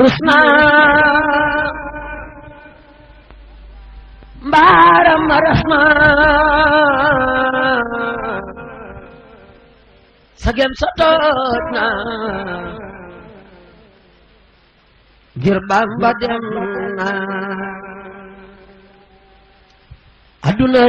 rusna mbaarama rasma sagem sa tooj na ngir Bamba dem na adduna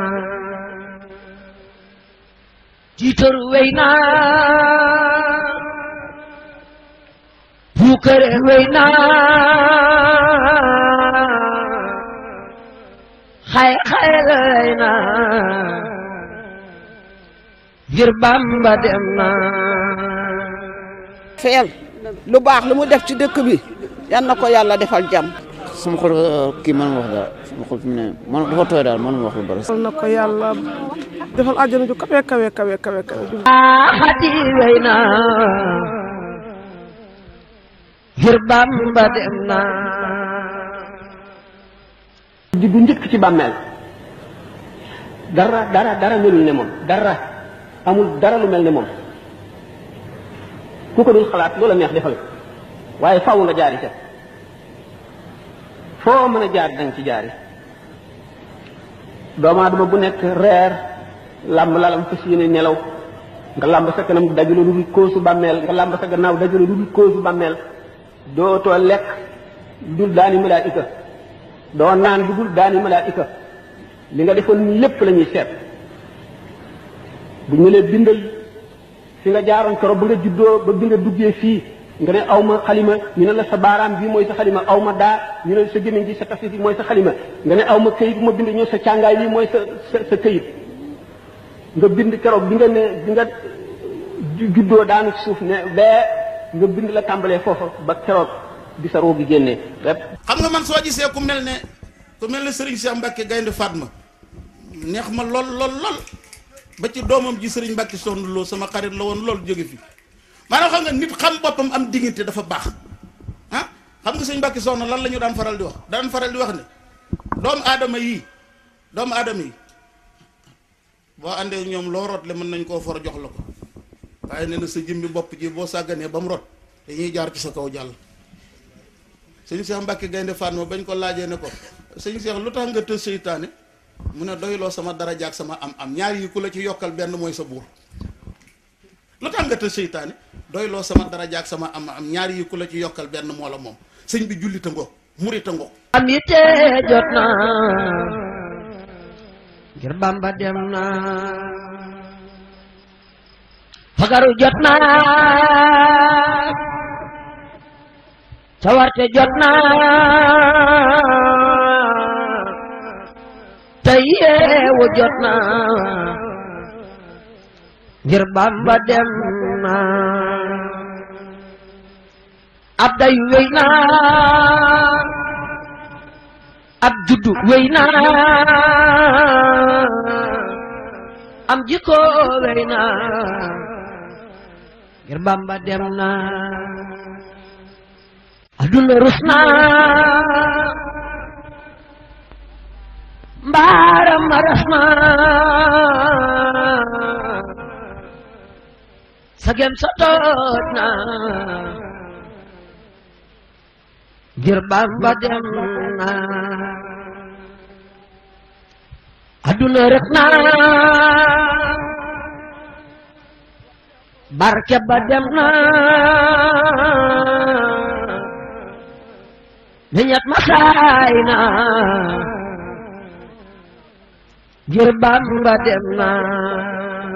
tiitar wey naa puukare wey naa xay xay lay naa feel lu baax lu mu def ci dëkk bi yan na ko yàlla defal jàmm sama xol kii man wax daal sama xol fi mu ne man dafa tooy daal man wax lu bari defal àjjana ju kawe kawe kawe kawe kawe xati wey na ngir Bàmba dem na di bu ci bàmmeel dara dara dara melul ne moom dara amul dara lu mel ne moom ku ko dul xalaat loola neex defal waaye faaw nga jaari ca foo mën a jaar danga ci jaari doomu aadama bu nekk reer làmb lalam fas yéene nelaw nga làmb sa kanam dajale lu dul koosu bàmmeel nga làmb sa gannaaw dajale lu dul koosu bàmmeel dootoo lekk lu dul daani malaayika doo naan lu dul daani malaayika li nga defoon lépp lañuy ñuy seet bu ñu lee bindal fi nga jaaroon koro ba nga juddoo ba bi nga duggee fii nga ne aw ma xalima ñu ne la sa baaraam bii mooy sa xalima aw ma daa ñu ne sa gémmiñ gi sa tafsir bi mooy sa xalima nga ne aw ma këyit bu ma bind ñëw sa càngaay bi mooy sa sa sa këyit nga bind keroog bi nga ne bi nga juddoo daanu suuf ne bee nga bind la tàmbalee foofa ba keroog di sa roogi génnee lépp. xam nga man soo gisee ku mel ne ku mel ne Serigne Cheikh Mbacke Gaynde Fatma neex ma lool lool lool ba ci doomam ji sëriñ Mbacke Soxna Lo sama xarit la woon lool jóge fi maanaam xam nga nit xam boppam am dignité dafa baax ah xam nga Serigne Mbacke Soxna lan la ñu daan faral di wax daan faral di wax ne doomu aadama yii doomu aadama yi. boo àndee ñoom loo rotle mën nañ koo for jox la ko waaye nee na sa jëmmi bopp ji boo sàgganee ba mu rot dañuy jaar ci sa kaw jàll sëñ Cheikh Mbacke Gaynde Fatma bañ ko laajee ne ko sëñ seex lu tax nga tëj seytaane mu ne doyloo sama dara ak sama am-am ñaar yi ku la ci yokkal benn mooy sa buur lu tax nga tëj seytaane doyloo sama dara ak sama am-am ñaar yi ku la ci yokkal benn moo la moom sëñ bi jullita ngoog murita ngoog. am yitte jot naa. ngir bamba dem na fagaru jot na sawarte jot na te yeewu jot na ngir bamba dem na ab day wéy na ab juddu wéy na am jikko wey na ngir dem na aduna rus na mbaaram sagem sotoot na ngir dem na adduna rek naa barke ba naa meññat masaay naa ngir Bamba naa